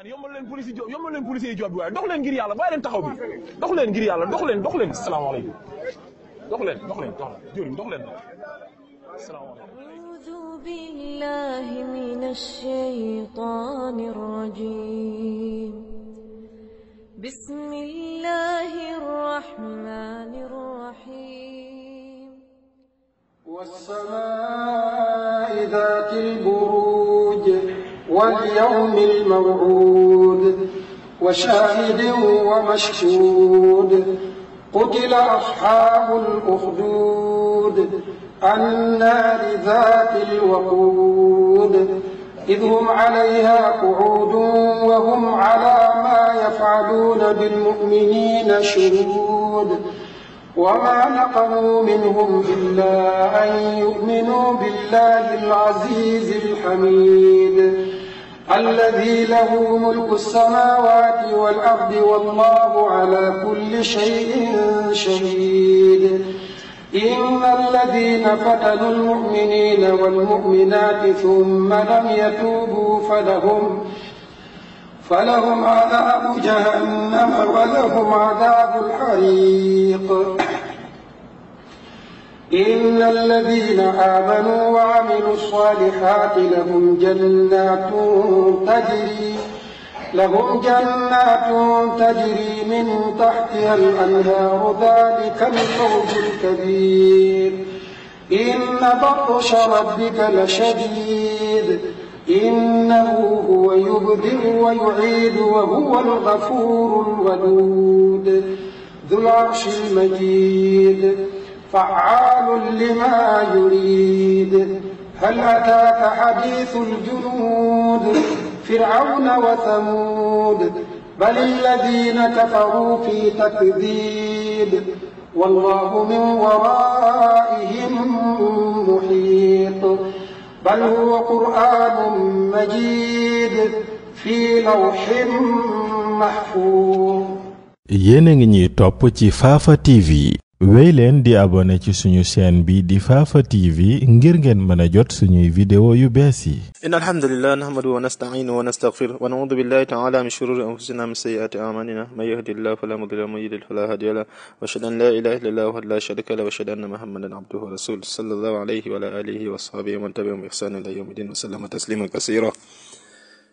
gaan yombal leen police yi yombal leen police yi job bi waaye dox leen ngir yàlla bàyyi leen taxaw bi dox leen ngir yàlla dox leen dox leen salaamaaleykum dox leen dox leen dox leen dox leen salaamaaleykum bismillahir rahmanir rahim was samaa'i dhaatil buruuj واليوم الموعود وشاهد ومشهود قتل أصحاب الأخدود النار ذات الوقود إذ هم عليها قعود وهم على ما يفعلون بالمؤمنين شهود وما نقموا منهم إلا أن يؤمنوا بالله العزيز الحميد الذي له ملك السماوات والأرض والله على كل شيء شهيد إن الذين فتنوا المؤمنين والمؤمنات ثم لم يتوبوا فلهم فلهم عذاب جهنم ولهم عذاب الحريق إن الذين آمنوا وعملوا الصالحات لهم جنات تجري لهم جنات تجري من تحتها الأنهار ذلك الفوز الكبير إن بطش ربك لشديد إنه هو يبدئ ويعيد وهو الغفور الودود ذو العرش المجيد فعال لما يريد هل أتاك حديث الجنود فرعون وثمود بل الذين كفروا في تكذيب والله من ورائهم محيط بل هو قرآن مجيد في لوح محفوظ yéen a ngi ñuy topp ci Fafa TV wéy leen di abonné ci suñu chaîne bi di Fafa TV ngir ngeen mën a jot suñuy vidéo yu bees yi in alhamdulilah nahmadu wa nasta'inu wa nastaghfir wa na'udhu billahi ta'ala min shururi anfusina min sayyiati a'malina man yahdihillahu fala mudilla lahu wa man yudlil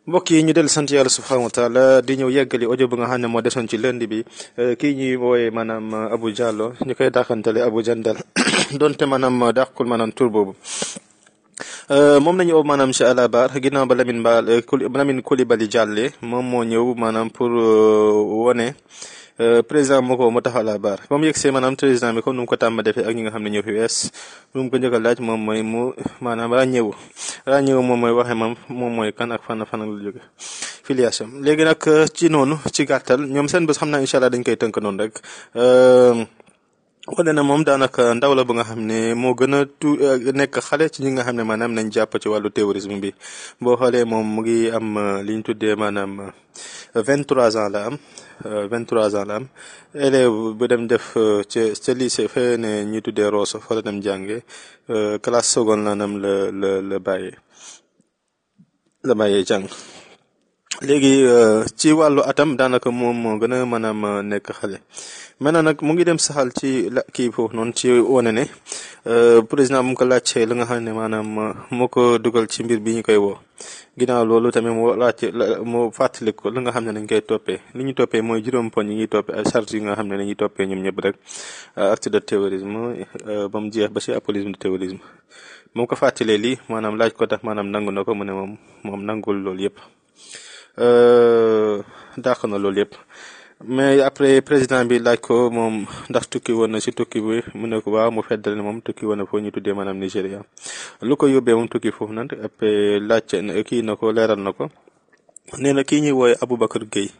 mbokk yi ñu del sant yàlla subhanahu wa di ñëw yeggali audio bu nga xam ne moo desoon ci lundi bi eh, kii ñuy wooyee maanaam eh, Abu Diallo ñu koy dàqantale Abu Jandal donte maanaam eh, dàqul maanaam tur boobu moom nañu ëpp maanaam ci Alabar ginnaaw ba Lamine Ba Lamine Coulibaly Diallo moom moo ñëw maanaam pour wone Euh, président moo ko ma taxaw la baar ba mu yegsee maanaam président bi comme nu mu ko tàmm defee ak ñi nga xam ne ñoo fi wees lu mu ko njëkk a laaj moom mooy mu moom mooy waxee moom moom mooy kan ak fan fan filiation léegi nag euh, ci noonu ci gàttal ñoom seen bés xam naa incha allah dañ koy tënk noonu rek. Euh, wane na moom daanaka ndaw la ba nga xam ne moo gën a tu nekk xale ci ñi nga xam ne maanaam nañ jàpp ci wàllu terrorisme bi boo xoolee moom mu ngi am li ñu tuddee maanaam vingt-trois ans la am. 23 euh, ans la am élève bu dem def euh, ca ca lycée fee ne ñi tuddee Rosso fa dem jànge euh, classe seconde la nam la la la bàyyee la bàyyee jàng léegi ci wàllu atam daanaka moom moo gën a maanaam nekk xale maintenant nag mu ngi dem saxal ci la kii foofu noonu ci wane ne président mu ko laajte la nga xam ne maanaam moo ko dugal ci mbir bi ñu koy woo ginnaaw loolu tamit mu laajte mu fàttali ko li nga xam ne dañ koy toppee li ñu toppee mooy juróom poñ yi ñuy toppee ay charges yi nga xam ne dañuy toppee ñoom ñëpp rek euh, acte de terrorisme euh, ba mu jeex ba si apologisme de terrorisme bu ko fàttalee lii maanaam laaj ko tax maanaam nangu na ko mu ne moom moom nangul loolu yëpp euh, dàq na loolu yëpp. mais après président bi laaj ko moom ndax tukki woon na si tukki bi mu ne ko waaw mu feddal ne moom tukki woon na foofu ñu tuddee maanaam Nigéria lu ko yóbbee moom tukki foofu nag après laajte kii na ko leeral na ko nee na kii ñuy wooye Aboubacar Gueye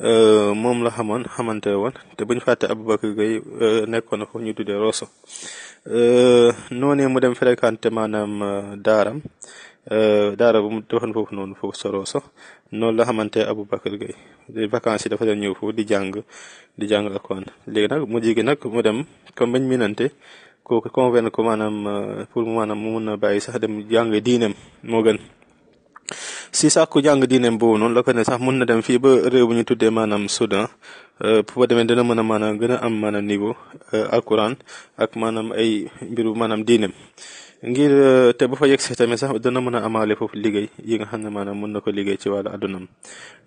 euh, moom la xamoon xamante woon te buñ fàtte Aboubacar Gueye euh, nekkoon na foofu ñu tuddee Rosso euh, noonee mu dem fréquenté maanaam daaram Euh, daara bu mu defoon foofu noonu foofu soroo sax noonu la xamante Aboubacar Gueye vacances yi dafa doon ñëw foofu di jàng di jàng Alxuraan léegi nag mu jigi nag mu dem comme bañ minante kooku convaincre ko maanaam euh, pour maanaam mu mun a bàyyi sax dem jàng diineem moo gën si sàkku jàng diineem boobu noonu la ko sax mun na dem fii ba réew bu ñu tuddee maanaam Soudan pour euh, ba demee dana mën a maanaam gën a am maanaam niveau Alxuraan ak maanaam ay mbiru maanaam diineem ngir euh, te bu fa yeg yegsee tamit sax dana mën a amaale foofu liggéey yi nga xam ne maanaam mën na ko liggéey ci wàllu àddunam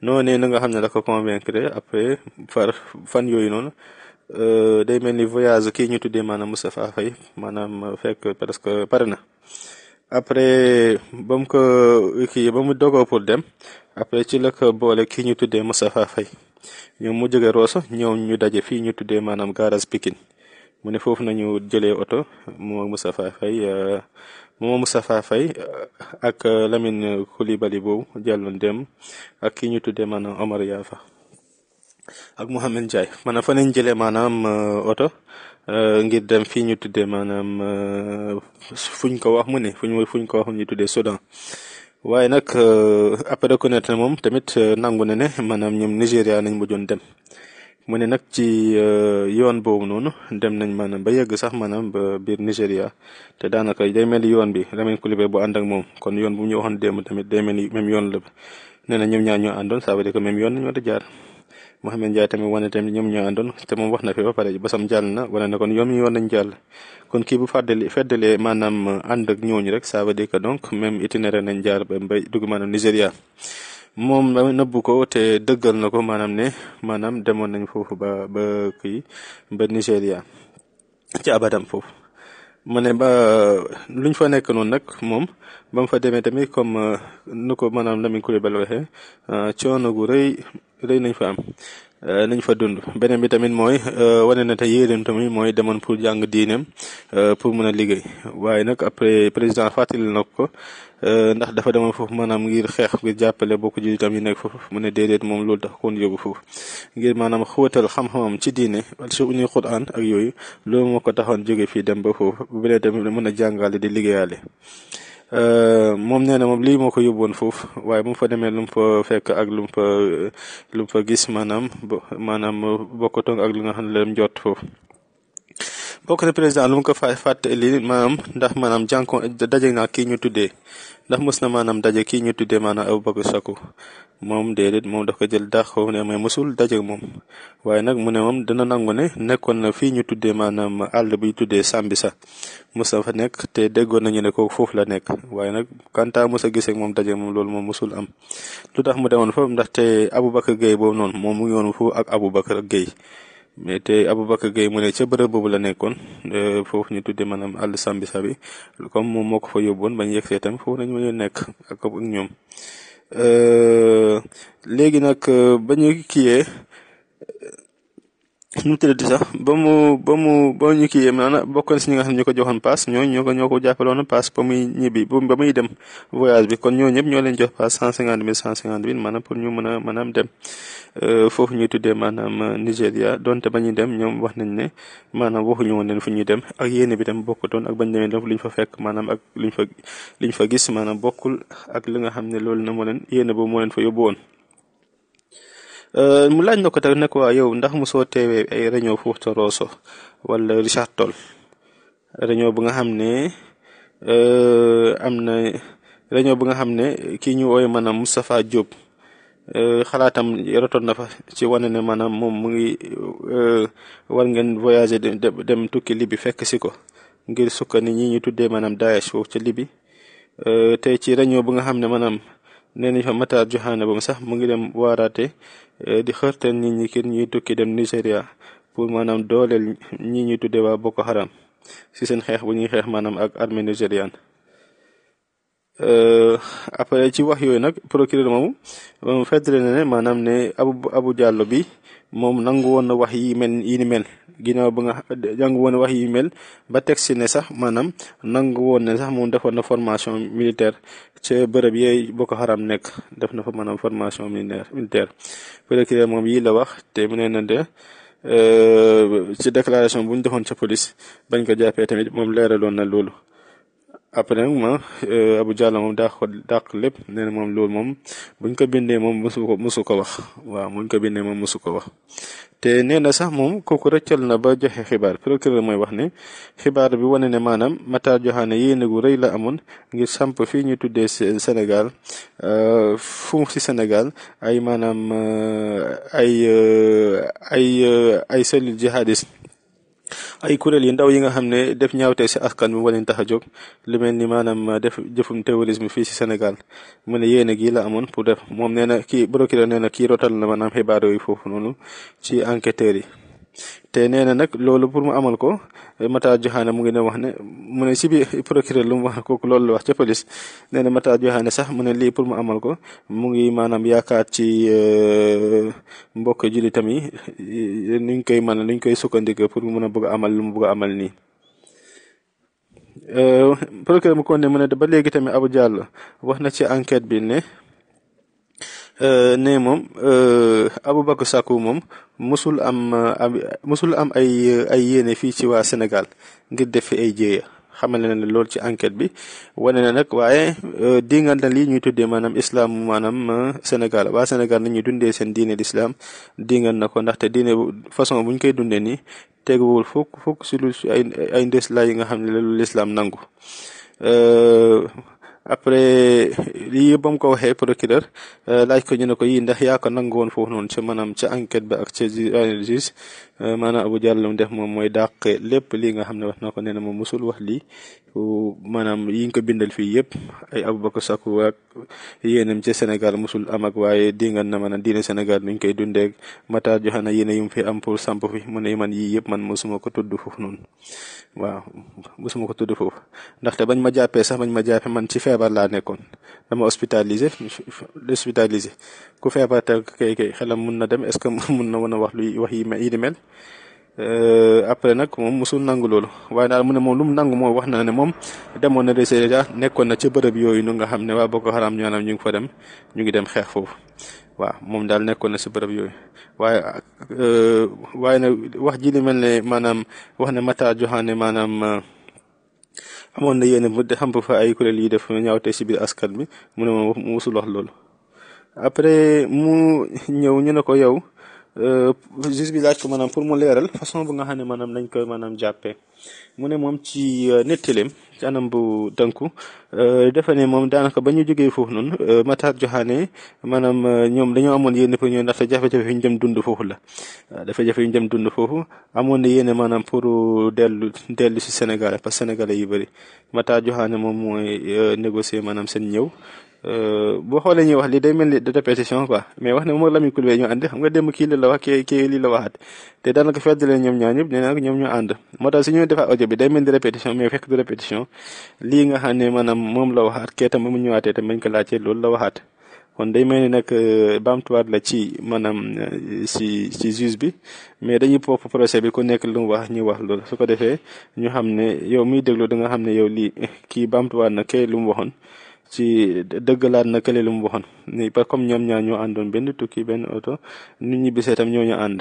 noonu na nga xam ne da ko convaincre après far fan yooyu noonu euh, day mel ni voyage kii ñu tuddee maanaam Moustapha Faye maanaam fekk presque pare na après ba mu ko kii ba mu dogoo pour dem après ci la boole kii ñu tuddee Moustapha Faye ñoom mu jóge Rosso ñëw ñu daje fii ñu tuddee maanaam garage Pikine mu ne foofu nañu jëlee oto moo Moustapha Faye euh, moo fay Faye euh, ak euh, Lamine Coulibaly boobu jàlloon dem ak ki ñu tuddee maanaam Omar Yafa ak Mouhamed Ndiaye maanaam fa nañ jëlee maanaam oto ngir dem fii ñu tuddee maanaam fuñ ko wax mu ne fuñ fuñ ko wax ñu tuddee Soudan waaye nag après reconnaître moom tamit nangu na ne maanaam ñoom Nigéria nañ mujjoon dem mu ne nag ci euh, yoon boobu noonu dem nañ maanaam ba yegg sax maanaam ba biir Nigéria te daanaka day mel ni yoon bi Lamine Coulibaly bu ànd ak moom kon yoon bu ñu waxoon démb tamit day mel ni même yoon la nee na ñoom ñaar ñoo àndoon ça veut dire que même yoon lañ war a jaar. Mouhamed Ndiaye tamit wane tamit te moom wax na fi ba pare basam jàll na wane na kon yoon yi yoon nañ jàll kon kii bu fàddali feddalee maanaam ànd ak ñooñu rek saaba veut dire que donc même itinéraire nañ jaar ba mbay dugg maanaam Nigéria. moom nëbbu ko te dëggal na ko maanaam ne maanaam demoon nañ foofu ba ba kii ba Nigéria ci abadam foofu. mu ne ba luñ fa nekk noonu nag moom bam fa demee tamit comme euh, nu ko maanaam Lamine Coulibaly waxee euh, coono gu rëy rëy nañ fa am euh, nañ fa dund beneen bi tamit mooy wane na te yéeneem tamit mooy demoon pour jàng diineem pour mun a liggéey waaye nag après président fàttali na ko. Euh, ndax dafa demoon foofu maanaam ngir xeex ngir jàppale bokk jullitam yi nekk foofu mu a déedéet moom loolu tax koon yóbbu foofu ngir maanaam xootel xam-xamam ci diine al su uni quran ak yooyu loolu moo ko taxoon jóge fii dem ba foofu bu beneen tamit mën a jàngale di liggéeyaale euh, moom nee moom lii moo ko yóbboon foofu waaye bu fa demee lu mu fa fekk ak lu mu fa lu mu fa gis maanaam maanaam bokkatoon ak li nga xam ne la dem jot foofu kooku de président lu mu ko fa lii maanaam ndax maanaam jànko daje naa kii ñu tuddee ndax mos na maanaam daje kii ñu tuddee maanaam Aboubacar Sakho moom déedéet moom daf ko jël dàq foofu may mosul daje moom waaye nag mu ne moom dana nangu ne nekkoon na ñu tuddee maanaam àll bi ñu tuddee Sambisa mos na fa nekk te déggoon nañu ne ko foofu la nekk waaye nag kanta mos a gisee moom daje moom loolu moom mosul am lu tax mu demoon foofu ndaxte Aboubacar Gueye boobu noonu moom mu ngi woon foofu ak Aboubacar Gueye mais tey Aboubacar Gueye mu ne ca bërëb boobu la nekkoon euh, foofu ñu tuddee maanaam àll sambi sabi comme moom moo ko fa yóbboon bañ yegg see tam foofu nañ mën a nekk ak ak ñoom euh, léegi nag euh, ba ñu kiiyee nu mu tëddati sax ba mu ba mu ba ñu kii maanaam bokkoon si nga xam ne ñu ko joxoon paas ñooñu ñoo ko ñoo ko jàppaloon paas ba muy ñibbi ba muy dem voyage bi kon ñoo ñëpp ñoo leen jox paas cent cinquante mille cent cinquante mille maanaam pour ñu mën dem euh, foofu ñuy tuddee maanaam euh, Nigéria donte ba ñuy dem ñoom wax nañ ne maanaam waxuñu woon leen fu ñuy dem ak yéene bi tam bokkutoon ak bañ demee dem luñ fa fekk maanaam ak luñ fa liñ fa gis maanaam bokkul ak li nga xam ne loolu na moo leen yéene boobu moo leen fa yóbbu woon Eh, mu laaj na ko tamit ne ko waa yow ndax mosoo teewee ay réunion Fuuta Rooso wala Richard Toll réunion bu nga xam ne eh, am na réunion bu nga xam ne kii ñu ooy maanaam Moustapha Diop eh, xalaatam rotoon na fa ci wane ne maanaam moom mu ngi war ngeen voyager dem tukki Libi fekk si ko ngir sukka ni ñi ñu tuddee maanaam Daesh foofu ca Libi te ci réunion bu nga xam ne maanaam nee nañ fa Matar Johana ba sax mu ngi dem waaraate eh, di xërtal nit ñi kir ñuy tukki dem Nigéria pour maanaam dooleel ñi ñuy tuddee waa Boko Haram si seen xeex bu ñuy xeex maanaam ak armée nigériane. Eh, après ci wax yooyu nag procureur moomu moom fàttali na ne maanaam ne abu abu jàllo bi. moom nangu woon na wax yii mel yi ni mel ginnaaw ba nga nangu woon na wax yi mel ba teg si ne sax maanaam nangu woon ne sax moom defoon na formation militaire ca bërëb yooyu Boko Haram nekk def na fa maanaam formation militaire procureur moom yii la wax te mu ne na de euh, ci déclaration bu ñu defoon ca police bañ ko jàppee tamit moom leeraloon na loolu après nag ma Abu Jàlla moom dàq ko dàq lépp nee na moom loolu moom buñ ko bindee moom mosu ko mosu ko wax waaw muñ ko bindee moom mosu ko wax te nee na sax moom kooku rëccal na ba joxe xibaar procureur mooy wax ne xibaar bi wane ne maanaam Matar Joxaane yéene gu rëy la amoon ngir samp fii ñu tuddee senegal euh, fu mu si Sénégal ay maanaam euh, ay euh, ay ay cellule jihadiste ay kuréel yu ndaw yi nga xam ne def ñaawte si askan bi moo leen tax a jóg lu mel ni maanaam def jëfum terrorisme fii si Sénégal mu ne yéen a gi la amoon pour def moom nee na kii procureur nee na kii rotal na maanaam xibaar yooyu foofu noonu ci enquêteurs yi. te nee na nag loolu pour mu amal ko Matar Joxaane mu ngi ne wax ne mu ne si bi procureur lu mu wax kooku loolu la wax ca police nee na Matar Joxaane sax mu a lii pour mu amal ko mu ngi maanaam yaakaar ci euh, mbokk jullitam yi euh, nuñ koy mën nuñ koy sukkandike pour mu mën a bëgg amal lu mu bëgg amal nii. Euh, procureur mu kon ne mu ne ba léegi tamit Abu Diallo wax na ci enquête bi ne. Euh, ne moom abu euh, Aboubakar Sakho moom mosul am euh, mosul am ay ay yéene fii ci waa Sénégal ngir def fi ay jéeya xamal na ne lool ci enquête bi wane na nag waaye dingal na lii ñuy tuddee maanaam islam maanaam Sénégal waa Sénégal na ñuy dundee seen diine l'islam dingal na ko ndaxte diine façon bu ñu koy dundee nii teguwul fukk fukk si lu ay ay ndeeslaay nga xam ne loolu l'islam nangu. après lii ba mu ko waxee procureur euh, laaj ko ñu ne ko yii ndax yaa ko nangu woon foofu noonu ca maanaam ca enquête ba ak ca euh, juge euh, maanaam Abu Jàll lu mu def moom mooy dàq lépp lii nga xam ne wax na ko nee na moom mosul wax lii maanaam yi nga ko bindel fii yëpp ay Aboubacar Sakho ak yéenam ca Sénégal mosul amak ak waaye di nga na mën a diine Sénégal nuñ koy dundeek Matar Joxana yéen yu mu fi am pour samp fi mu ne man yii yëpp man mosuma ko tudd foofu noonu waaw mosuma ko tudd foofu ndaxte bañ ma jàppee sax mañ ma jàppee man ci feebar laa nekkoon dama hospitalisé hospitalisé ku feebar ta kay kay xelam mun na dem est-ce que mun na mën a wax luy wax yi yi di mel Euh, après nag moom mosul nangu lool waaye daal mu ne moom lu mu nangu moom wax na ne moom demoon na dese déjà nekkoon na ca bërëb yooyu nu nga xam ne waa Boko Haram ñu ñu ngi fa dem ñu ngi dem xeex foofu waaw moom daal nekkoon na si bërëb yooyu waaye euh, waaye nag wax ji li mel ne maanaam wax ne Matar Joxaane maanaam. Euh, amoon na yéene mu xam fa ay kuréel yi def ñaaw tey si biir askan bi mu ne moom musul wax loolu après mu ñëw ñu ne ko yow Euh, juge bi laaj ko maanaam pour mu leeral façon bu nga xam ne maanaam nañ koy maanaam jàppee mu ne moom ci euh, nettaleem ci anam bu dënku euh, dafa ne moom daanaka ba ñu jógee foofu noonu Matar Joxaane maanaam ñoom dañoo amoon yéene pour ñoom ndaxte jafe-jafe ñu dem dund foofu la dafa jafe yu ñu dem dund foofu amoon na yéene maanaam pour dellu dellu si Sénégal parce que sénégalais yu bëri Matar Joxaane moom mooy négocier maanaam seen ñëw Euh, boo xoolee ñuy wax li day mel ni de répétition quoi mais wax ne moom ak Lamine Coulibaly ñoo ànd xam nga démb kii la wax kii kii ñoom ñoo ànd moo tax su ñu defaat audio bi day mel ni répétition mais fekk du xam ne maanaam moom la waxaat kee tam mu ñëwaatee tam bañ ko laajtee loolu la waxaat kon day mel ni nag euh, baamtuwaat la ci maanaam euh, si si juge bi mais dañuy popp procès bi ko nekk lu mu wax ñu wax loolu su ko defee ñu xam ne yow miy déglu da nga xam ne yow lii kii baamtuwaat na kee lu mu waxoon ci dëggalaat na kële lu mu waxoon ni par comme ñoom ñaar ñoo àndoon benn tukki benn oto ñu ñibbisee tam ñoo ñu ànd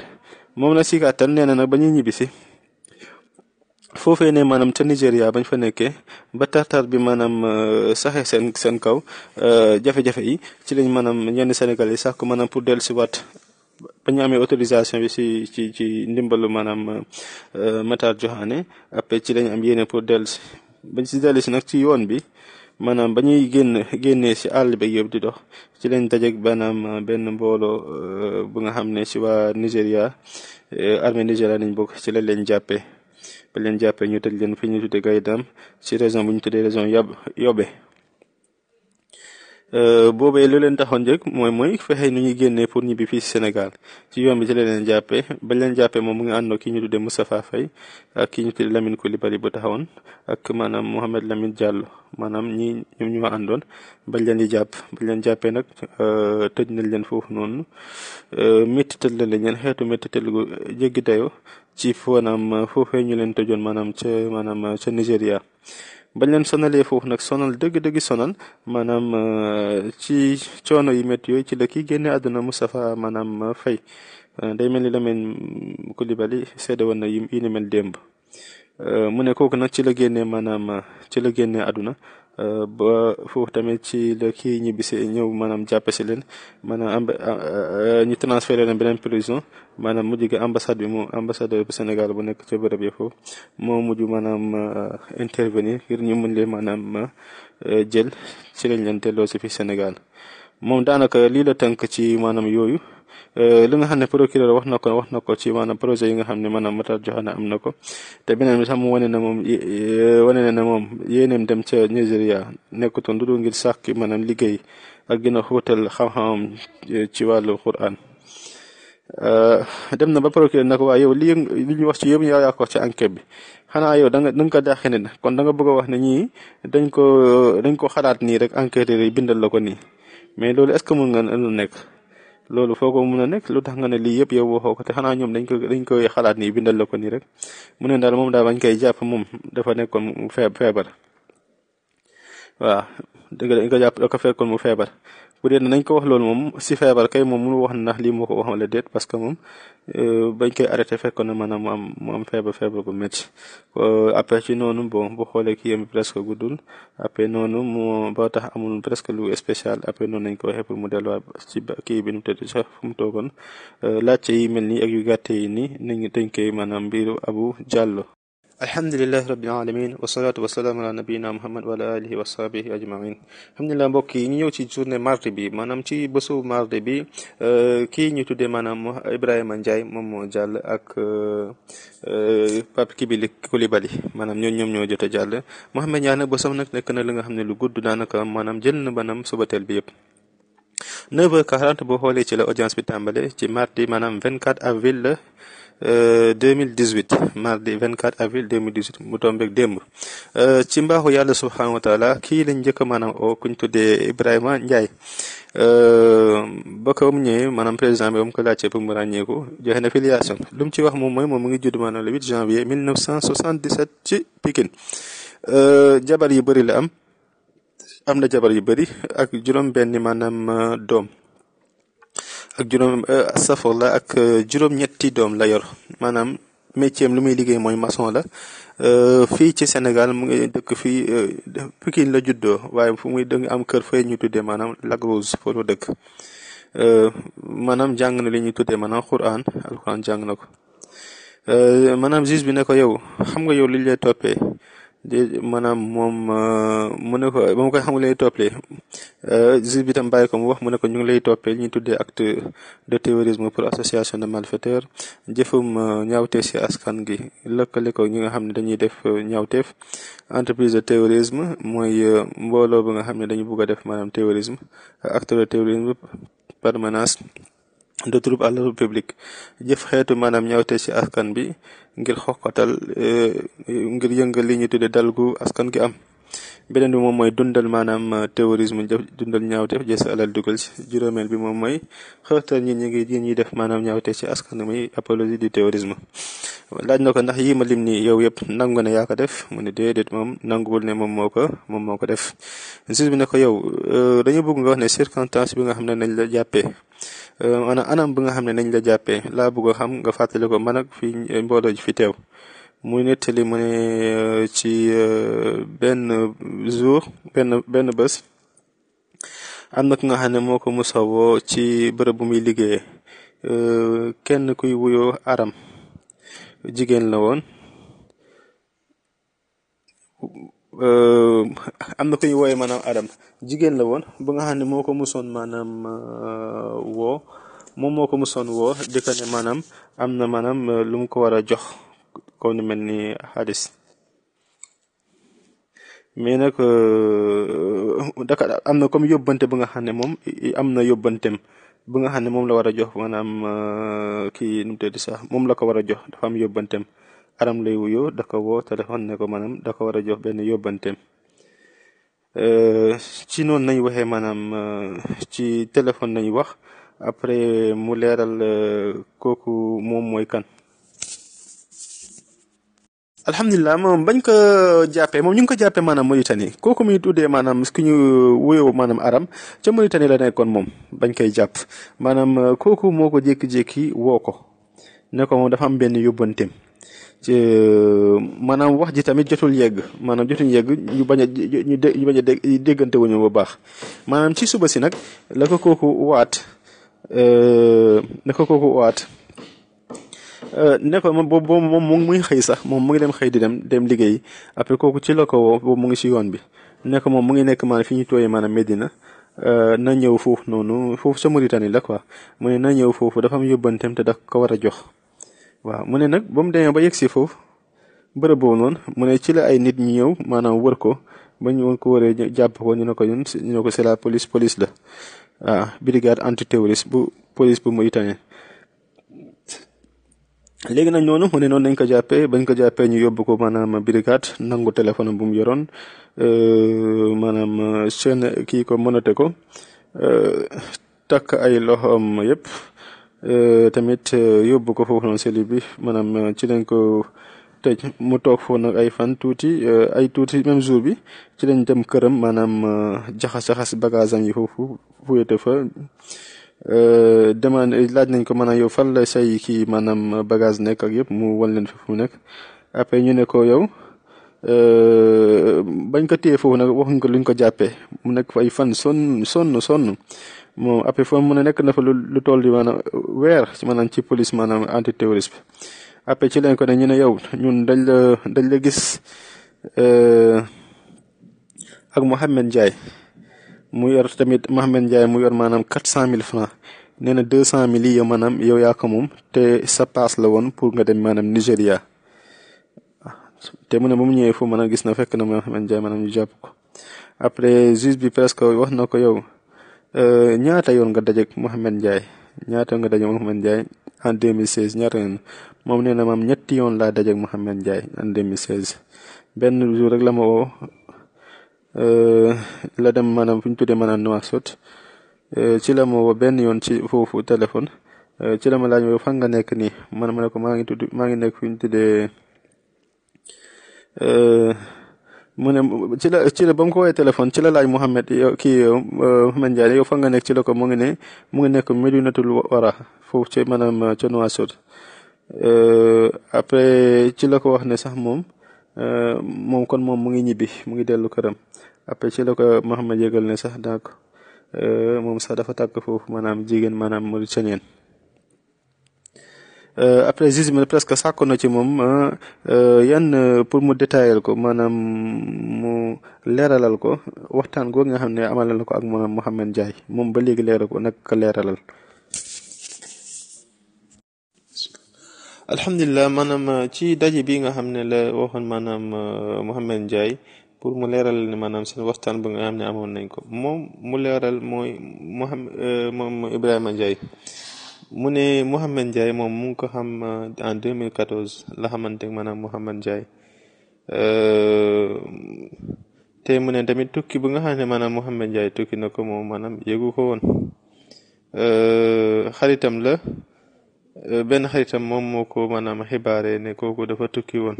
moom na si gàttal nee na nag ba ñuy ñibbisi foofee ne maanaam ca Nigéria bañ fa nekkee ba tartar bi maanaam euh, saxe seen seen kaw euh, jafe-jafe yi ci lañ maanaam ñenn Sénégal yi sax ko maanaam pour dellu si waat ba ñu amee autorisation bi si ci ci ndimbalu maanaam euh, Matar Joxaane après ci lañ am yéene pour dellu si bañ si dellu si nag ci yoon bi maanaam ba ñuy génn génnee si àll bi yëpp di dox ci lañ dajeeg maanaam benn mbooloo euh, bu nga xam ne si waa Nigéria euh, armée Nigéria lañ bokk si lañ leen jàppee ba leen jàppee ñu tëj leen fi ñu tuddee Gaydam si région bu ñu tuddee région Yobe Euh, boobe lu leen taxoon njëkk mooy mooy fexe nu ñuy génnee pour ñibbi fii Sénégal ci yoon bi ci la leen jàppee bañ leen jàppee moom mu ngi àndoo ki ñu tuddee Moustapha Faye ak ki ñu tuddee Lamine Coulibaly taxawoon ak maanaam Mohamed Lamine Diallo maanaam ñi ñoom ñoo àndoon bañ leen di jàpp bañ leen jàppee nag euh, tëj nañ leen foofu noonu euh, méttital la leen xeetu méttital gu jéggi dayoo ci maanaam foofee ñu leen tëjoon maanaam ca maanaam ca Nigéria bañ leen sonalee foofu nag sonal dëgg-dëgg sonal maanaam euh, ci coono yi métti yooyu ci la kii génne àdduna Moustapha maanaam euh, Faye euh, day mel ni Lamine Coulibaly seede woon na yi ni mel démb mu ne nag ci la génnee maanaam ci la génnee àdduna ba foofu tamit ci la kii ñibbisee ñëw maanaam jàppe si leen maanaam ñu transféré leen beneen prison maanaam mujj gi ambassade bi mu ambassadeur bu Sénégal bu nekk ca bërëb ya foofu moo mujj maanaam intervenir ngir ñu mën leen maanaam jël ci lañ leen delloo si fi Sénégal moom daanaka lii la tënk ci maanaam yooyu. Eh, li nga xam ne procureur wax na ko wax na ko ci maanaam projet yi nga xam ne maanaam Matar Diohane am na ko te beneen bi sax mu wane na moom eh, eh, wane na ne moom yéeneem dem ca Nigeria nekkutoon du ngir sàkki maanaam liggéey ak gën a xóotal xam ci wàllu Qur'an. dem na ba procureur na waa yow li li ñu wax ci yëpp yaa ko ci enquête bi xanaa yow da nga da ko daaxee ne kon da nga bëgg a wax ne ñi dañ ko dañ ko xalaat nii rek enquêteurs yi bindal la ko nii mais loolu est-ce que mën nga nekk. loolu foo mun a nekk lu tax nga ne lii yëpp yow waxoo ko te xanaa ñoom dañ ko dañ koy xalaat nii bindal la ko nii rek mu ne daal moom daal bañ koy jàpp moom dafa nekkoon mu feebar wa dëgg la dañ ko jàpp da ko fekkoon mu feebar bu dee nañ ko wax loolu moom si feebal kay moom mun wax ndax lii moo ko wax wala déet parce que moom euh, bañ koy arrêté fekkoon na maanaam am mu am feebar feebar gu métti euh, après ci noonu bon bu xoolee kii yam presque guddul après noonu mu ba tax amul presque lu spécial après noonu nañ ko waxee pour mu delluwaat ci kii bi nu mu tëdd sax fu mu toogoon euh, laajte yi mel nii ak yu gàtte yi nii nañ tënkee maanaam mbiru Abu Diallo alhamdulilah rabbil alamin wasalaatu wasalaamu ala nabiyina muhammad wa ala alihi wa sahbihi ajmain alhamdulilah mbokk yi ñu ñëw ci journée mardi bi maanaam ci bésu mardi bi euh, kii ñu tuddee maanaam Ibrahima Ndiaye moom moo jàll ak euh, euh, Pape Kibili Koulibaly maanaam ñoo ñoom ñoo jot a jàll Mouhamed Niang nag bésam nag nekk na li nga xam ne lu gudd daanaka maanaam jël na maanaam subateel bi yëpp 9h40 boo xoolee ci la audience bi tàmbale ci mardi maanaam 24 avril la 2018 euh, mardi 24 avril 2018 mu tombeeg démb euh, ci mbaaxu yàlla subhanahu wa taala kii lañ njëkk a maanaam o oh, kuñ tuddee Ibrahima Ndiaye euh, ba ko mu ñëwee maanaam président bi ba mu ko laajte pour mu ràññeeku joxe na filiation lu mu ci wax moom mooy moom mu ngi judd maanaam le 8 janvier 1977 ci Pikine jabar yu bëri la am am na jabar yu bëri ak juróom benni maanaam doom ak juróom euh, safoor la ak euh, juróom-ñetti doom la yor maanaam métier lu muy liggéey mooy maçon la euh, fii ci Sénégal mu ngi dëkk fii Pikine la juddoo waaye fu muy dëng am kër fay ñu tuddee maanaam Lac Rose fa dëkk maanaam jàng na li ñuy tuddee maanaam Quran alquran jàng na ko maanaam juge bi ne ko yow xam nga yow li ñu toppee. di maanaam moom euh, mu ne ko ba mu koy xamul lay toppee euh, juge bi tam bàyyi ko mu wax mu ne ko ñu ngi lay toppee ñuy tuddee acte de terrorisme pour association de malfaiteurs jëfum euh, ñaawteef si askan gi lëkkale ko ñi nga xam ne dañuy def ñaawteef entreprise de terrorisme mooy mbooloo bi nga xam ne dañu bugg a def maanaam terrorisme acte de terrorisme permanence de trouble à l'ordre public jëf xeetu maanaam ñaawte ci askan bi ngir xoqatal euh, ngir yëngal li ñu tudde dalgu askan gi am beneen bi moom mooy dundal maanaam euh, terrorisme dundal ñaaw jël sa alal dugal ci juróomeel bi moom mooy xërtal ñi ñi ngi ñuy def maanaam ñaawte ci askan muy apologie du terrorisme laaj na ko ndax yii ma lim nii yow yëpp nangu ne yaa ko def mu ne déedéet moom nanguwul ne moom moo ko moom moo ko def juge bi ne ko yow euh, dañu bëgg nga wax ne circonstance bi nga xam ne nañ la jàppee Euh, ana anam bi nga xam ne nañ la jàppee laa bugg a xam nga fàttali ko man ak mbooloo ji fi teew muy nettali mu ne euh, ci euh, benn jour benn benn am na ku nga xam ne moo ko musa ci bërëb bu muy liggéeyee kenn kuy wuyoo aram jigéen la woon am na koy wooye maanaam Adam jigéen la woon ba nga xam ne moo ko musoon maanaam uh, woo moom moo ko musoon woo di ko maanaam am na maanaam uh, lu mu ko war a jox comme ni mel ni xadis mais nag uh, daka am na comme yóbbante ba nga xam ne moom am na yóbbantem ba nga xam ne moom la war a jox maanaam kii nu mu tëdd sax moom la ko war a jox dafa am yóbbantem aram lay wuyoo da ko woo téléphone ne ko maanaam da ko war a jox benn yóbbanteem euh, ci noonu nañ waxee maanaam euh, ci téléphone nañ wax après mu leeral euh, kooku moom mooy kan alhamdulilah moom bañ ko jàppee moom ñu ngi ko jàppee maanaam Mauritanie kooku muy tuddee maanaam ki ñu wuyoo maanaam aram ca Mauritanie la moom bañ koy jàpp maanaam kooku moo ko woo ko ne ko dafa am benn yóbbanteem ci euh, maanaam wax ji tamit jotul yegg maanaam jotuñ yegg ñu bañ a ñu ñu bañ a déggante wuñu bu baax maanaam ci suba si nag la ko kooku waat euh, la ko kooku waat euh, ne ko moom boobu mu ngi xëy sax moom mu ngi dem xëy di dem dem liggéey après kooku ci la ko boobu mu ngi si yoon bi nekk moom mu ngi nekk maanaam fi ñu tooyee maanaam Medina na ñëw foofu noonu foofu sama Mauritanie la quoi mu ne na ñëw foofu dafa am yóbbanteem te daf ko war a jox. waaw mu ne nag ba mu demee ba yegg si foofu bërëb boobu noonu mu ne ci la ay nit ñi ñëw maanaam wër ko ba ñu ko waree jàpp ko ñu ne ko ñun ñu ne ko c'est la police police la waaw ah, brigade bu police bu Mauritanie. léegi nag noonu mu ne noonu nañ ko jàppee bañ ko jàppee ñu yóbbu ko maanaam brigade nangu téléphone bu mu yoroon euh, maanaam chaîne euh, kii ko mënate ko euh, takk ay loxoom yëpp. Euh, tamit euh, yóbbu ko foofu noonu cellule bi maanaam euh, ci lañ ko tëj mu toog foofu nag ay fan tuuti ay tuuti même jour bi ci lañ dem këram maanaam jaxas-jaxas bagage am yi foofu fuyete fa demande laaj nañ ko maanaam yow fan la say kii maanaam bagage nekk ak yëpp mu wan leen fi fu mu nekk après ñu ne ko yow bañ ko téye foofu nag waxuñ ko luñ ko jàppee mu nekk fa ay fan sonn sonn sonn moom après foo mun a nekk na fa lu lu toll di maanaam euh, weer si maanaam ci police maanaam anti terrorisme après ci leen ko ne ñu ne yow ñun dañ la dañ la gis euh, ak Mohamed Ndiaye mu yor tamit Mohamed Ndiaye mu yor maanaam quatre cent mille francs nee na cent mille yi yow maanaam yow yaa ko moom te sa paas la woon pour nga dem maanaam Nigéria te mu ne ba mu ñëwee foofu maanaam gis na fekk na Mohamed Ndiaye maanaam ñu jàpp ko après juge bi presque wax na ko yow. Euh, ñaata yoon nga dajeeg Mouhamed Ndiaye ñaata yoon nga dajeeg Mouhamed Ndiaye en 2016 ñaata yoon moom nee na maam ñetti yoon laa dajeeg Mouhamed Ndiaye en 2016 benn jour rek la ma woo euh, la dem maanaam fu ñu tuddee maanaam Nouakchott euh, ci la benn yoon ci foofu téléphone ci la ma laaj ma nga nekk nii man ma ne ko maa ngi tudd maa ngi nekk fu ñu tuddee. mu ne ci la ci la ba mu ko woowee téléphone ci la laaj Mouhamed kii euh, Mouhamed Ndiaye yow fa nga nekk ci la ko mu ngi ne mu ngi nekk Medinatul Wara foofu ci maanaam euh, ca Nouakchott euh, après ci la ko wax ne sax moom moom kon moom mu ngi ñibbi mu ngi dellu këram après ci la ko Mouhamed yëgal ne sax donc moom sax dafa tàkk foofu maanaam jigéen maanaam Mauritanienne Euh, après juge bi presque sàkkoon na ci moom euh, yan euh, pour mu détailler ko maanaam mu leeralal ko waxtaan googu nga xam ne amal na ko ak maanaam Mouhamed Ndiaye moom ba léegi leeral ko nag leeralal. alhamdulilah maanaam ci daje bi nga xam ne la waxoon maanaam Mouhamed Ndiaye. pour mu leeral ne maanaam seen waxtaan bu nga xam ne amoon nañ ko moom mu leeral mooy Mouhamed moom Ibrahima Ndiaye mu ne Mouhamed Ndiaye moom mu ngi ko xam euh, en 2014 la xamante maanaam Mouhamed Ndiaye euh, te mu ne tamit tukki bu nga xam ne maanaam Mouhamed Ndiaye tukki na ko moom maanaam yëgu ko woon euh, xaritam la benn xaritam moom moo ko maanaam xibaare ne kooku dafa tukki woon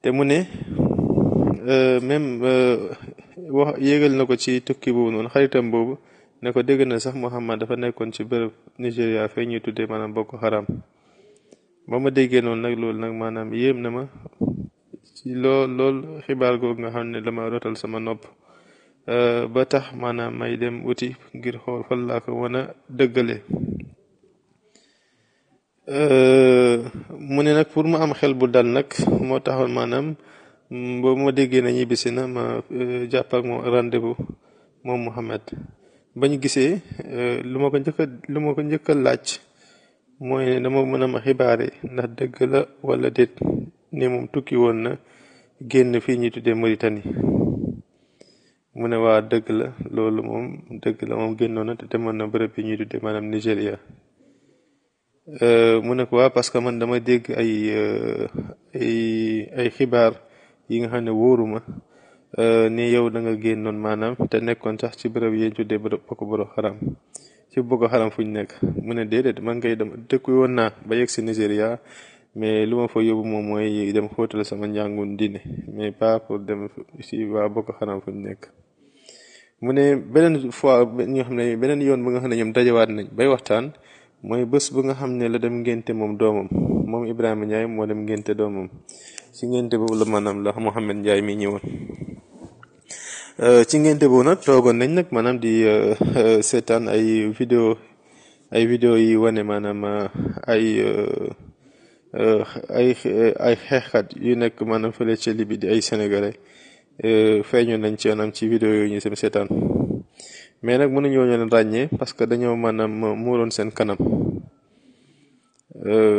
te mu ne même wax yégal na ko ci tukki boobu noonu xaritam boobu ne ko dégg na sax Muhammad dafa nekkoon ci bërëb Nigéria fay ñuy tuddee maanaam Boko Haram ba ma déggee noonu nag loolu nag maanaam yéem na ma ci lool lool xibaar googu nga xam ne dama rotal sama nopp euh, ba tax maanaam may dem wuti ngir xool fan laa ko mën a euh, mu ne nag pour mu am xel bu dal nag moo taxoon maanaam boobu ma déggee na ñibbisi na ma euh, jàpp ak moom rendez-vous moom Muhammad ba ñu gisee euh, lu ma ko njëkk lu ma ko laaj mooy ne dama mën a ma xibaare ndax dëgg la wala déet ni moom tukki woon na génn fii ñuy tuddee Mauritanie mu ne waa dëgg la loolu moom dëgg la moom génnoon na te demoon na bërëb bi ñuy tuddee maanaam Nigéria euh, mu ne ko waa parce que man dama dégg ay euh, ay ay xibaar yi nga xam ne wóoruma Euh, ni yow da nga génnoon maanaam te nekkoon sax ci bërëb yi tuddee bërëb bokk boro xaram ci boko xaram fu ñu nekk mu ne déedéet man kay dem dëkku woon naa ba yegg si Nigéria mais lu ma fa yóbbu moom mooy dem xóotal sama njàngun diine mais pas dem si waa bokk xaram fu ñu nekk. mu ne beneen fois ñoo xam ne beneen yoon bu nga xam ne ñoom dajawaat nañ bay waxtaan mooy bés bu nga xam ne la dem ngénte moom doomam moom Ibrahima Ndiaye moo dem ngénte doomam si ngénte boobu la maanaam la Mouhamed Ndiaye mi ñëwoon. ci ngénte boobu nag toogoon nañ nag maanaam di seetaan ay vidéo ay vidéo yi wane maanaam ay ay ay xeexkat yu nekk maanaam fële ci libi di ay sénégalais feeñoon nañ ci maanaam ci vidéo yooyu ñu seen seetaan mais nag mënuñoo leen ràññee parce que dañoo maanaam muuroon seen kanam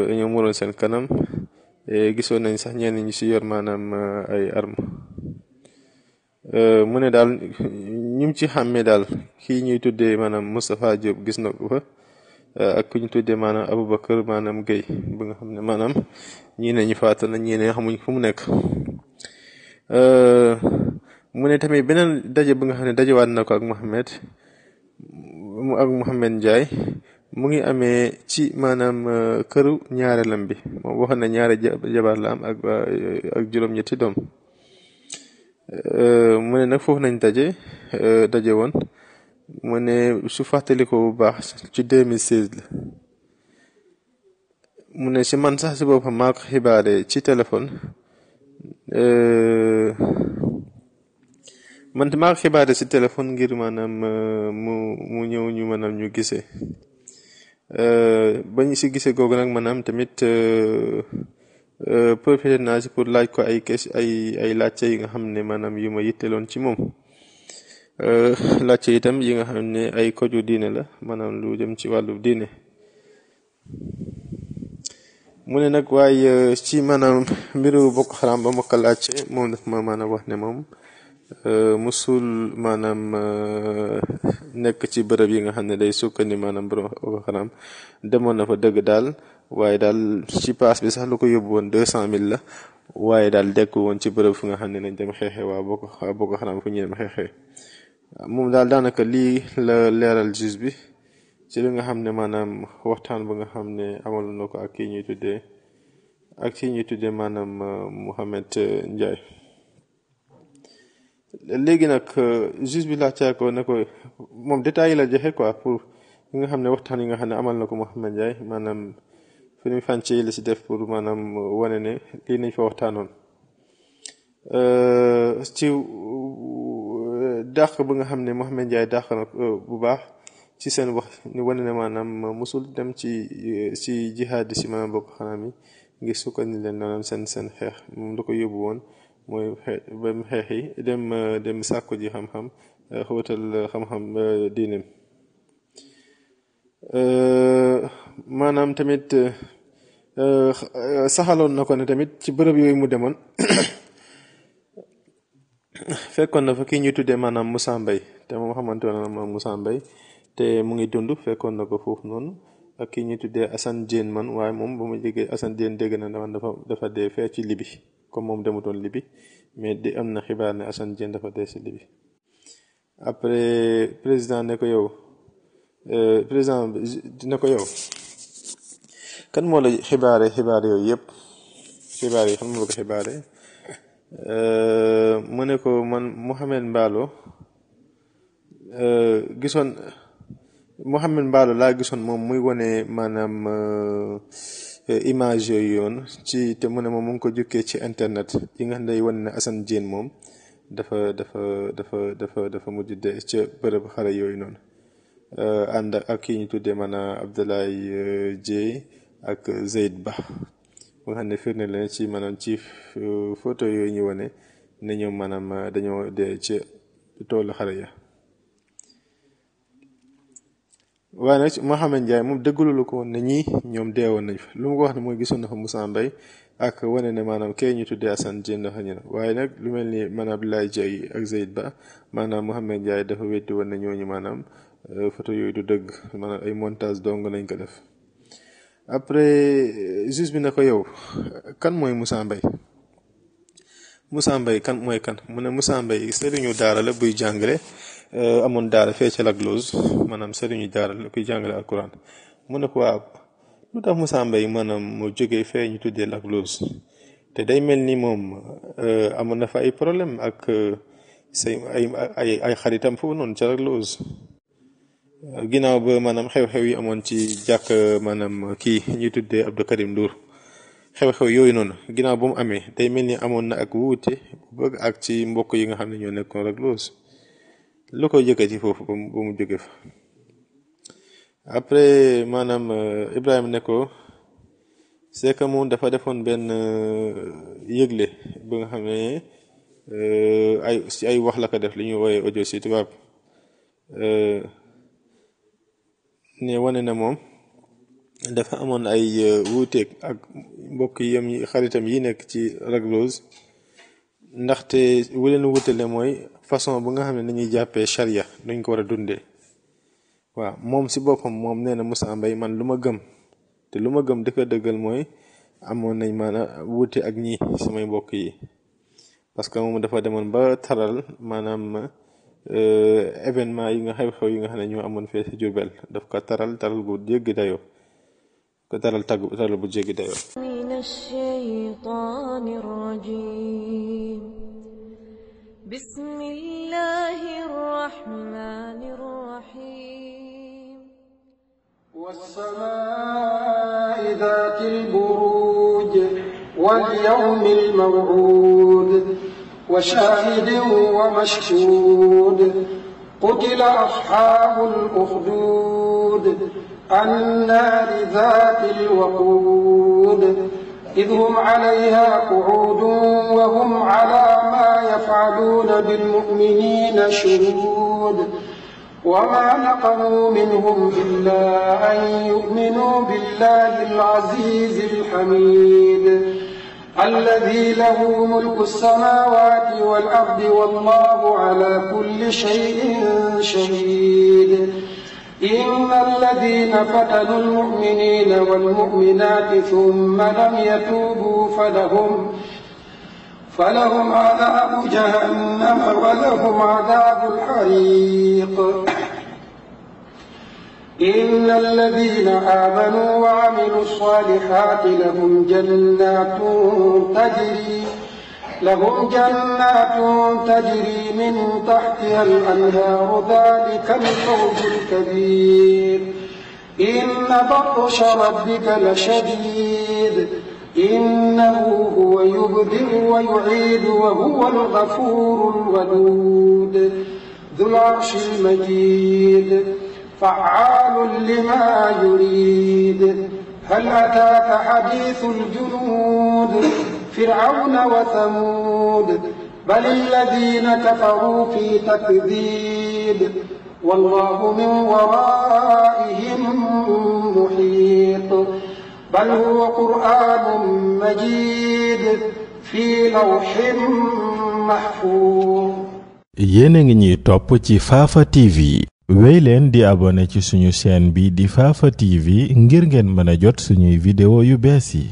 dañoo muuroon seen kanam gisoon nañ sax ñenn ñi si yor maanaam ay arm Euh, mu ne daal ñum ci xàmmee daal kii ñuy tuddee maanaam Moustapha Diop gis na ko fa euh, ak kuñ ñu tuddee maanaam Aboubacar maanaam Guèye ba nga xam ne maanaam ñii ne ñu faatal na ñii ne xamuñ fu mu nekk euh, mu ne tamit beneen daje bi nga xam ne dajewaat na ko ak Mohamed mu ak Mohamed Ndiaye mu ngi amee ci maanaam këru ñaareelam bi moom waxoon na ñaare jabar la am ak ak juróom-ñetti doom Euh, mu ne nag foofu nañ daje euh, daje woon mu ne su fàttaliku bu baax ci 2016 la mu ne si man sax si boppam maak ko xibaare ci téléphone euh, man maa ko xibaare si téléphone ngir maanaam mu mu ñëw ñu ñu gisee ba ñu si gisee googu nag maanaam tamit. profité naa pour laaj ko ay question ay ay laajte yi nga xam ne maanaam yu ma yitteloon ci moom euh, laajte itam yi nga xam ne ay koju diine la maanaam lu jëm ci wàllu diine mu ne nag waaye euh, ci maanaam mbiru Boko Haram ba ma ko laajte moom daf ma maanaam wax ne moom euh, mu suul maanaam nekk ci bërëb yi nga xam ne day sukkandi maanaam Boko Haram demoon na fa dëgg daal waaye daal ci paas bi sax lu ko yóbbu woon deux cent mille la waaye daal dekk woon ci bërëb fu nga xam ne nañ dem xeexe waa boo ko waa boo ko xanaa fu ñu dem xeexee moom daal daanaka lii la leeral juge bi ci li nga xam ne maanaam waxtaan bu nga xam ne amaloon ko ak kii ñuy tuddee ak kii ñuy tuddee maanaam euh, Mouhamed euh, Ndiaye léegi nag euh, juge bi laajte ko ne ko moom détails yi la joxe quoi pour li nga xam ne waxtaan yi nga xam ne amal na ko Mouhamed Ndiaye maanaam. Firim Fàcce la si def pour maanaam wane ne lii nañ fa waxtaanoon euh, ci euh, dàq ba nga xam ne Mouhamed Ndiaye dàq na euh, bu baax ci seen wax ni wane ne maanaam mosul dem ci jihaad si maanaam bokk xanaa mi ngi sukkandi leen maanaam seen seen xeex moom da ko yóbbu woon mooy xeex yi dem dem sàkku ji xam-xam xóotal xam-xam diineem maanaam tamit Euh, saxaloon na ko ne tamit ci bërëb yooyu mu demoon fekkoon na fa kii ñuy tuddee maanaam Moussa Mbaye te moom xamante ne moom Moussa Mbaye te mu ngi dund fekkoon na ko foofu noonu ak kii ñuy tuddee assan Diène man waaye moom ba mu jógee Assane Diène dégg na man dafa dafa dee fee ci Libi comme moom demutoon Libi mais di am na xibaar ne assan Diène dafa dee si Libi après président ne ko yow euh, président ne ko yow. kan moo la xibaare xibaar yooyu yëpp xibaar yi xam nga ko xibaare euh, mu ne ko man Mouhamed Mballo euh, gisoon Mouhamed Mballo laa gisoon moom muy wane maanaam euh, image yooyu yoon ci te mu ne moom mu ngi ko jukkee ci internet yi nga xam ne day ne Assane Diène moom dafa dafa dafa dafa dafa mujj de ca bërëb xale yooyu noonu ànd ak kii ñu tuddee maanaam Abdoulaye Dièye ak Zaid Ba nga xam ne firnde la ci maanaam ci foto euh, yooyu ñu wane ne ñoom maanaam euh, dañoo dee ci toolu xare ya waaye nag Mouhamed Ndiaye moom dëggalul ko woon ne ñi ñoom deewoon nañ fa lu mu ko wax ne mooy gisoon na fa Moussa Mbaye ak wane ne maanaam kee ñu tuddee Assane Dieng ndax ñu na waaye nag lu mel ni maanaam Abdoulaye Diaye ak Zaid Ba maanaam Mouhamed Ndiaye dafa weddi woon ne ñooñu maanaam euh, photo yooyu du dëgg maanaam ay montage dong lañ ko def. après euh, juge bi ne ko yow kan mooy Moussa Mbaye Moussa Mbaye kan mooy kan mu ne Moussa Mbaye sëriñu daara la buy jàngale euh, amoon daara fee ca Lagos maanaam sëriñu daara la buy jàngale alquran mu ne ko waaw lu tax Moussa Mbaye mu jógee fee ñu tuddee Lagos te day mel ni moom euh, amoon na fa ay problème ak say ay ay xaritam foofu noonu ca Lagos ginnaaw ba maanaam xew-xew yi amoon ci jàkk maanaam kii ñuy tuddee Abdou Karim Ndour xew-xew yooyu noonu ginnaaw ba mu amee tey mel ni amoon na ak wuute bu bëgg ak ci mbokk yi nga xam ne ñoo nekkoon rek loos lu koy jëkkati foofu ba mu ba mu jóge fa. après maanaam euh, Ibrahima ne ko c'est que moom dafa defoon benn euh, yëgle ba nga xam ne euh, ay si ay wax la ko def lu ñuy woowee audio si tubaab. ne wane na moom dafa amoon ay euh, wuuteeg ak mbokk yam xaritam yi nekk ci Lagrose ndaxte wu leen wutale mooy façon bu nga xam ne nañuy jàppee charia duñ ko war a dundee waaw moom si boppam moom nee na Moussa Mbaye man lu ma gëm te lu ma gëm di ko dëggal mooy amoon nañ maana wuute ak ñi samay mbokk yi parce que moom dafa demoon ba taral maanaam Euh, événement yi nga xew-xew yi nga xam ne ñoo amoon fee si Jurbel daf ko taral taral bu jéggi dayoo ko taral tag taral bu jéggi dayoo min ash-shaytaani r-rajiim bismillaahi r-rahmaani r-rahiim was-samaa'i dhaati l-buruuj wal-yawmi l-maw'uud وشاهد ومشهود قتل أصحاب الأخدود النار ذات الوقود إذ هم عليها قعود وهم على ما يفعلون بالمؤمنين شهود وما نقموا منهم إلا أن يؤمنوا بالله العزيز الحميد الذي له ملك السماوات والأرض والله على كل شيء شهيد إن الذين فتنوا المؤمنين والمؤمنات ثم لم يتوبوا فلهم فلهم عذاب جهنم ولهم عذاب الحريق إن الذين آمنوا وعملوا الصالحات لهم جنات تجري لهم جنات تجري من تحتها الأنهار ذلك الفوز الكبير إن بطش ربك لشديد إنه هو يبدئ ويعيد وهو الغفور الودود ذو العرش المجيد فعال لما يريد هل أتاك حديث الجنود فرعون وثمود بل الذين كفروا في تكذيب والله من ورائهم محيط بل هو قرآن مجيد في لوح محفوظ yéen a ngi ñuy topp ci Fafa TV wéy leen di abonne ci suñu chaîne bi di Fafa TV ngir ngeen mën a jot suñuy vidéo yu bees yi